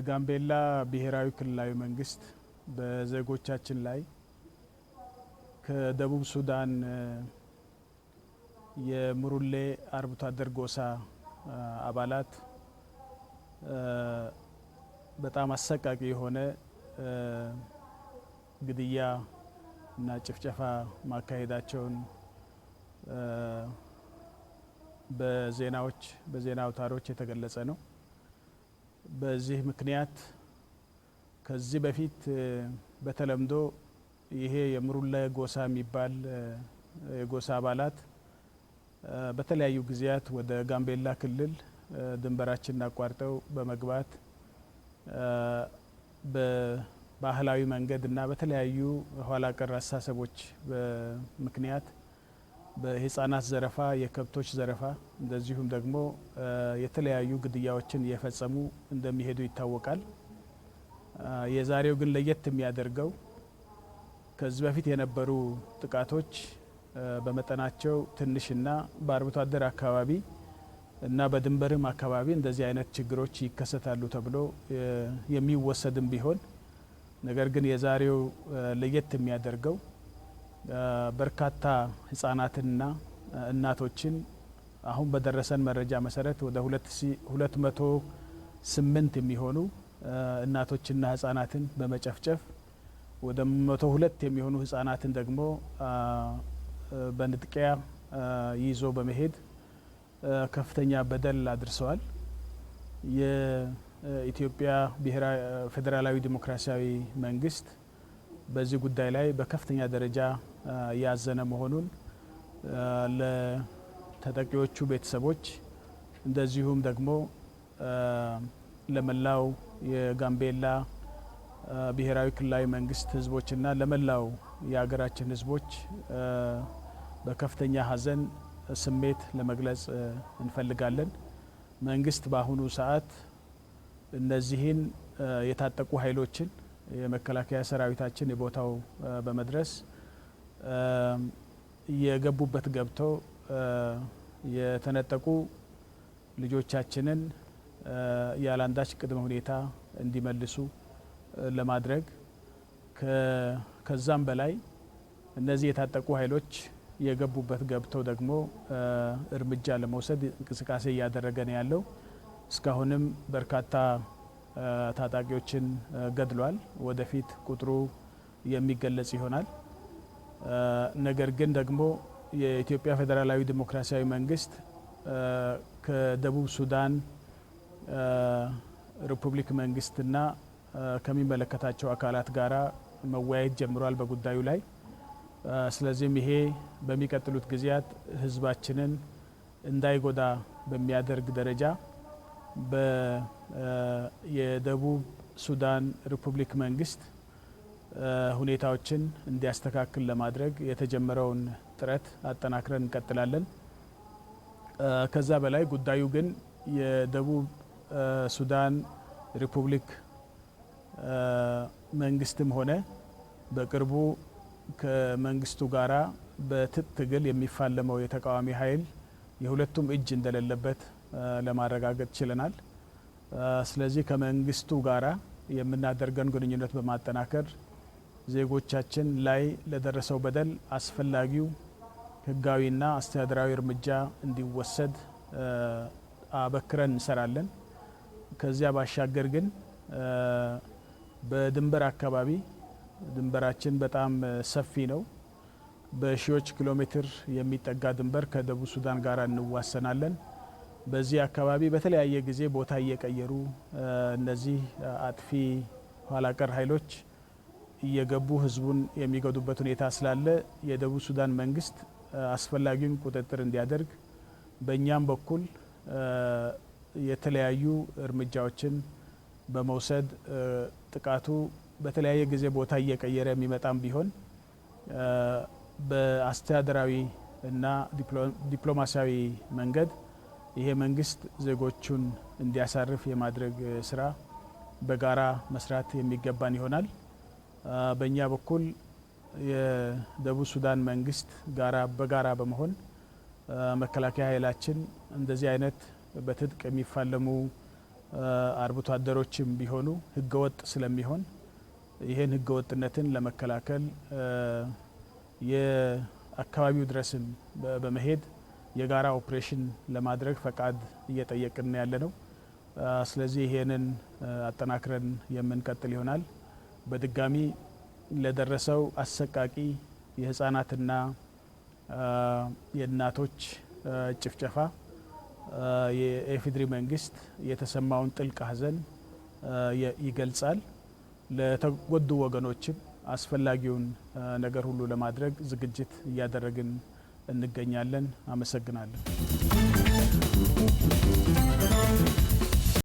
የጋምቤላ ብሔራዊ ክልላዊ መንግስት በዜጎቻችን ላይ ከደቡብ ሱዳን የሙሩሌ አርብቶ አደር ጎሳ አባላት በጣም አሰቃቂ የሆነ ግድያ እና ጭፍጨፋ ማካሄዳቸውን በዜናዎች በዜና አውታሮች የተገለጸ ነው። በዚህ ምክንያት ከዚህ በፊት በተለምዶ ይሄ የምሩላ የጎሳ የሚባል የጎሳ አባላት በተለያዩ ጊዜያት ወደ ጋምቤላ ክልል ድንበራችንን አቋርጠው በመግባት በባህላዊ መንገድ እና በተለያዩ ኋላ ቀር አስተሳሰቦች ምክንያት በህፃናት ዘረፋ፣ የከብቶች ዘረፋ እንደዚሁም ደግሞ የተለያዩ ግድያዎችን እየፈጸሙ እንደሚሄዱ ይታወቃል። የዛሬው ግን ለየት የሚያደርገው ከዚህ በፊት የነበሩ ጥቃቶች በመጠናቸው ትንሽና በአርብቶ አደር አካባቢ እና በድንበርም አካባቢ እንደዚህ አይነት ችግሮች ይከሰታሉ ተብሎ የሚወሰድም ቢሆን ነገር ግን የዛሬው ለየት የሚያደርገው በርካታ ህጻናትና እናቶችን አሁን በደረሰን መረጃ መሰረት ወደ 208 የሚሆኑ እናቶችና ህጻናትን በመጨፍጨፍ ወደ 102 የሚሆኑ ህጻናትን ደግሞ በንጥቂያ ይዞ በመሄድ ከፍተኛ በደል አድርሰዋል። የኢትዮጵያ ፌዴራላዊ ዲሞክራሲያዊ መንግስት በዚህ ጉዳይ ላይ በከፍተኛ ደረጃ ያዘነ መሆኑን ለተጠቂዎቹ ቤተሰቦች እንደዚሁም ደግሞ ለመላው የጋምቤላ ብሔራዊ ክልላዊ መንግስት ህዝቦችና ለመላው የሀገራችን ህዝቦች በከፍተኛ ሀዘን ስሜት ለመግለጽ እንፈልጋለን። መንግስት በአሁኑ ሰዓት እነዚህን የታጠቁ ኃይሎችን የመከላከያ ሰራዊታችን የቦታው በመድረስ የገቡበት ገብተው የተነጠቁ ልጆቻችንን ያለአንዳች ቅድመ ሁኔታ እንዲመልሱ ለማድረግ ከዛም በላይ እነዚህ የታጠቁ ኃይሎች የገቡበት ገብተው ደግሞ እርምጃ ለመውሰድ እንቅስቃሴ እያደረገ ነው ያለው። እስካሁንም በርካታ ታጣቂዎችን ገድሏል። ወደፊት ቁጥሩ የሚገለጽ ይሆናል። ነገር ግን ደግሞ የኢትዮጵያ ፌዴራላዊ ዲሞክራሲያዊ መንግስት ከደቡብ ሱዳን ሪፑብሊክ መንግስትና ከሚመለከታቸው አካላት ጋር መወያየት ጀምሯል በጉዳዩ ላይ። ስለዚህም ይሄ በሚቀጥሉት ጊዜያት ህዝባችንን እንዳይጎዳ በሚያደርግ ደረጃ የደቡብ ሱዳን ሪፑብሊክ መንግስት ሁኔታዎችን እንዲያስተካክል ለማድረግ የተጀመረውን ጥረት አጠናክረን እንቀጥላለን። ከዛ በላይ ጉዳዩ ግን የደቡብ ሱዳን ሪፑብሊክ መንግስትም ሆነ በቅርቡ ከመንግስቱ ጋራ በትጥቅ ትግል የሚፋለመው የተቃዋሚ ኃይል የሁለቱም እጅ እንደሌለበት ለማረጋገጥ ችለናል። ስለዚህ ከመንግስቱ ጋራ የምናደርገን ግንኙነት በማጠናከር ዜጎቻችን ላይ ለደረሰው በደል አስፈላጊው ህጋዊና አስተዳደራዊ እርምጃ እንዲወሰድ አበክረን እንሰራለን። ከዚያ ባሻገር ግን በድንበር አካባቢ ድንበራችን በጣም ሰፊ ነው። በሺዎች ኪሎ ሜትር የሚጠጋ ድንበር ከደቡብ ሱዳን ጋር እንዋሰናለን። በዚህ አካባቢ በተለያየ ጊዜ ቦታ እየቀየሩ እነዚህ አጥፊ ኋላቀር ኃይሎች እየገቡ ህዝቡን የሚገዱበት ሁኔታ ስላለ የደቡብ ሱዳን መንግስት አስፈላጊውን ቁጥጥር እንዲያደርግ በእኛም በኩል የተለያዩ እርምጃዎችን በመውሰድ ጥቃቱ በተለያየ ጊዜ ቦታ እየቀየረ የሚመጣም ቢሆን በአስተዳደራዊ እና ዲፕሎማሲያዊ መንገድ ይሄ መንግስት ዜጎቹን እንዲያሳርፍ የማድረግ ስራ በጋራ መስራት የሚገባን ይሆናል። በእኛ በኩል የደቡብ ሱዳን መንግስት ጋራ በጋራ በመሆን መከላከያ ኃይላችን እንደዚህ አይነት በትጥቅ የሚፋለሙ አርብቶ አደሮችም ቢሆኑ ህገወጥ ስለሚሆን ይህን ህገወጥነትን ለመከላከል የአካባቢው ድረስም በመሄድ የጋራ ኦፕሬሽን ለማድረግ ፈቃድ እየጠየቅን ያለ ነው። ስለዚህ ይህንን አጠናክረን የምንቀጥል ይሆናል። በድጋሚ ለደረሰው አሰቃቂ የህፃናትና የእናቶች ጭፍጨፋ የኢፌዴሪ መንግስት የተሰማውን ጥልቅ ሐዘን ይገልጻል። ለተጎዱ ወገኖችም አስፈላጊውን ነገር ሁሉ ለማድረግ ዝግጅት እያደረግን እንገኛለን። አመሰግናለን።